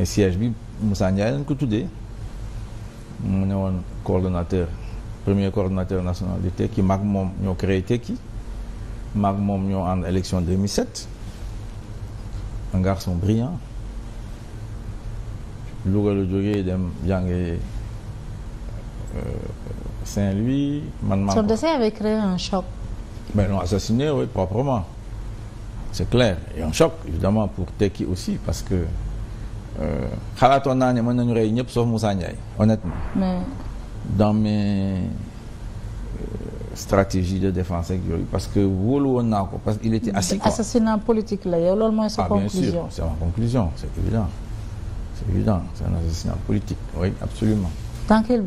mais siège bi Moussa Ndiaye lañ ko tuddee mu ne woon coordonnateur premier coordonnateur national du Tekki maag moom ñoo créé Tekki maag moom ñoo ànd élection 2007 un garçon brillant Louga la jógee dem jàngee euh, Saint-Louis. man maa son décès avait créé un choc. mais l'ont assassiné oui proprement c'est clair et un choc évidemment pour Tekki aussi parce que. xalaatoon naa ne mën nañu rey ñëpp sauf Moussa Ndiaye honnêtement. mais dans mes euh, stratégies de défense ak yooyu parce que wóolu woon naa ko parce que il était assis quoi. assassinat politique la yow loolu mooy sa conclusion. Ah, bien sûr c'est ma conclusion c'est évident c'est évident c'est un assassinat politique oui absolument. dans quel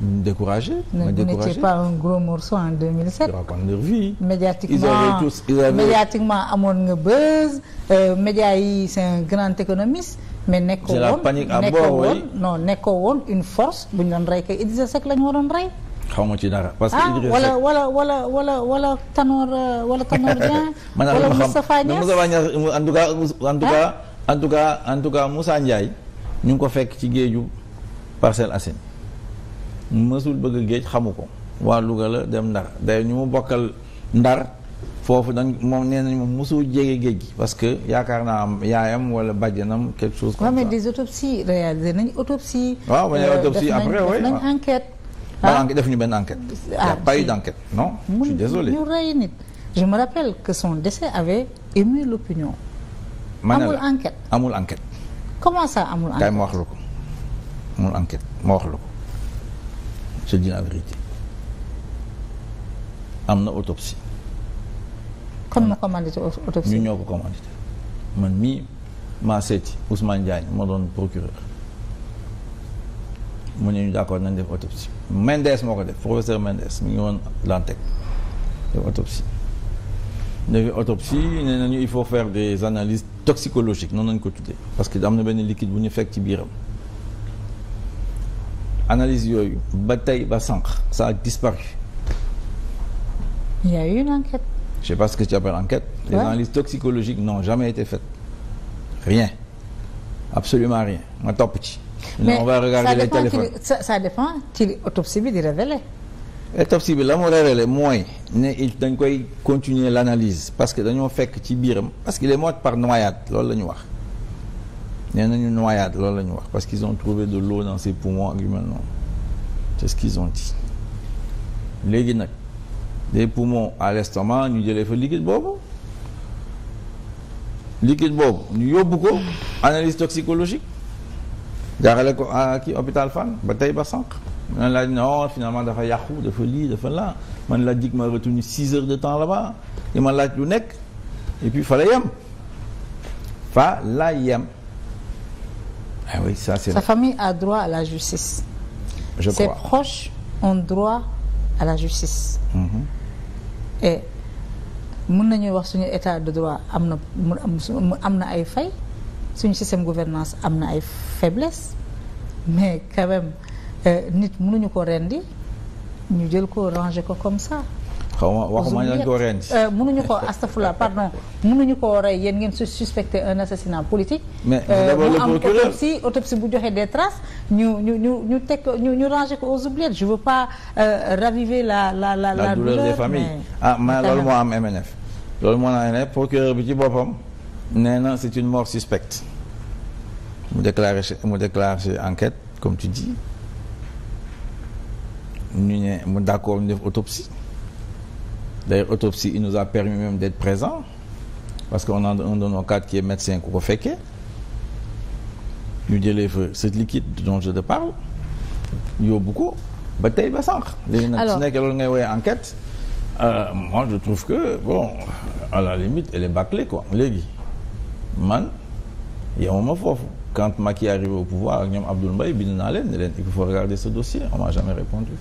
découragé. ma découragé n'étiez pas un gros morceau en 2007. raconte médiatiquement amoon nga buzz. Euh, média yi c'est un grand économiste. mais nekkoo woon nekkoo woon non nekkoo woon une force bu ñu doon rey kay Idrissa Seck la ñu waroon rey. xaw ma ci dara parce que ah, Idrissa wala wala wala wala Tanor euh, wala Tanor Dieng. wala Moustapha Niass Moustapha Niass en tout cas en tout cas en Ndiaye. ñu ngi ko fekk ci géeju Parcelles Assainies. mësul bëgg géej xamu ko waa Louga la dem ndar day ñu mu bokkal ndar foofu dañ moom nee nañ moom mësul jege géej gi parce que yaakaar naa am yaayam wala bàjjanam quelque chose comme ça. mais des autopsies réalisé nañ autopsie. waaw ba ñu autopsie après oui def nañ enquête. ah def ñu benn enquête. ah pas eu d'enquête non. je suis désolé ñu rey nit. je me rappelle que son amul enquête amul enquête. amul enquête kay ma wax la ko amul enquête ma wax la ko. je dis la vérité am na autopsie. kon ma commandé autopsie ñu ñoo ko commandé man mii maa seeti Ousmane Diagne moo doon procureur mu ne ñu d'accord nañ def autopsie Mendes moo ko def professeur Mendes mu ngi woon Dantec def autopsie. defi autopsie na nañu il faut faire des analyses toxicologiques noonu nañ ko tuddee parce que am na benn liquide bu ñu fekk ci biiram. analyse yooyu ba tey ba sànq ça a disparu. il y a une enquête. je sais pas ce que tu appelles enquête. non ouais. analyses toxicologiques n'ont jamais été faites. rien. absolument rien ma topp ci. mais on va regarder les téléphones ça, ça dépend ci autopsie bi di révéler. autopsie bi la mu révéler mooy ne il dañ koy continuer l'analyse parce que dañoo fekk ci biiram parce qu'il est mort par noyade loolu la ñu wax. nee nañu noyade loolu la ñu wax parce qu'ils ont trouvé de l'eau dans ses poumons ak yu mel noonu c'est ce qu'ils ont dit léegi nag des poumons à l'estomac ñu jëlee fa liquide boobu liquide boobu ñu yóbbu ko analyse toxicologique jaarale ko kii hôpital Fann ba tey ba sànq man laa non oh, finalement dafa yàqu dafa lii dafa la man la jig ma retenu six heures de temps là-bas di ma laaj lu nekk et puis fa la yem fa la yem Ah oui, ça, Sa famille a droit à la justice. Je Ses crois. proches ont droit à la justice. Mm -hmm. Et mun nañuy wax suñu état de droit am na am na ay fay suñu système gouvernance am na ay faiblesse mais quand euh, nit nit mënuñu ko rendi ñu jël ko ranger ko comme ça xaw ma waxuma dañ koo rendi mënuñu ko astafula pardon mënuñu koo rey yéen ngeen suspecté un assassinat politique. mais d'abord euh, le procureur mu am autopsie autopsie bu joxe des traces ñu ñu ñu ñu teg ñu ñu rangé ko aux oubliettes je veux pas euh, raviver la la la la douleur des familles ah mais loolu moo am MNF loolu moo naa ne procureur bi ci boppam nee na c'est une mort suspecte mu déclaré mu déclaré enquête comme tu dis ñu ne mu d'accord ñu def autopsie d'ailleurs autopsie il nous a permis même d'être présent parce que on a un de nos cadres qui est médecin ku ko fekkee ñu jëlee fa ce liquide dont je te parle yóbbu ko ba tey ba sànq. léegi nag su nekkee loolu ngay woowee enquête euh, moi je trouve que bon à la limite elle est bâclée quoi léegi man yemuma foofu quand Macky est arrivé au pouvoir ak ñoom Abdoul Mbaye bind naa leen ne leen il faut regarder ce on m'a jamais répondu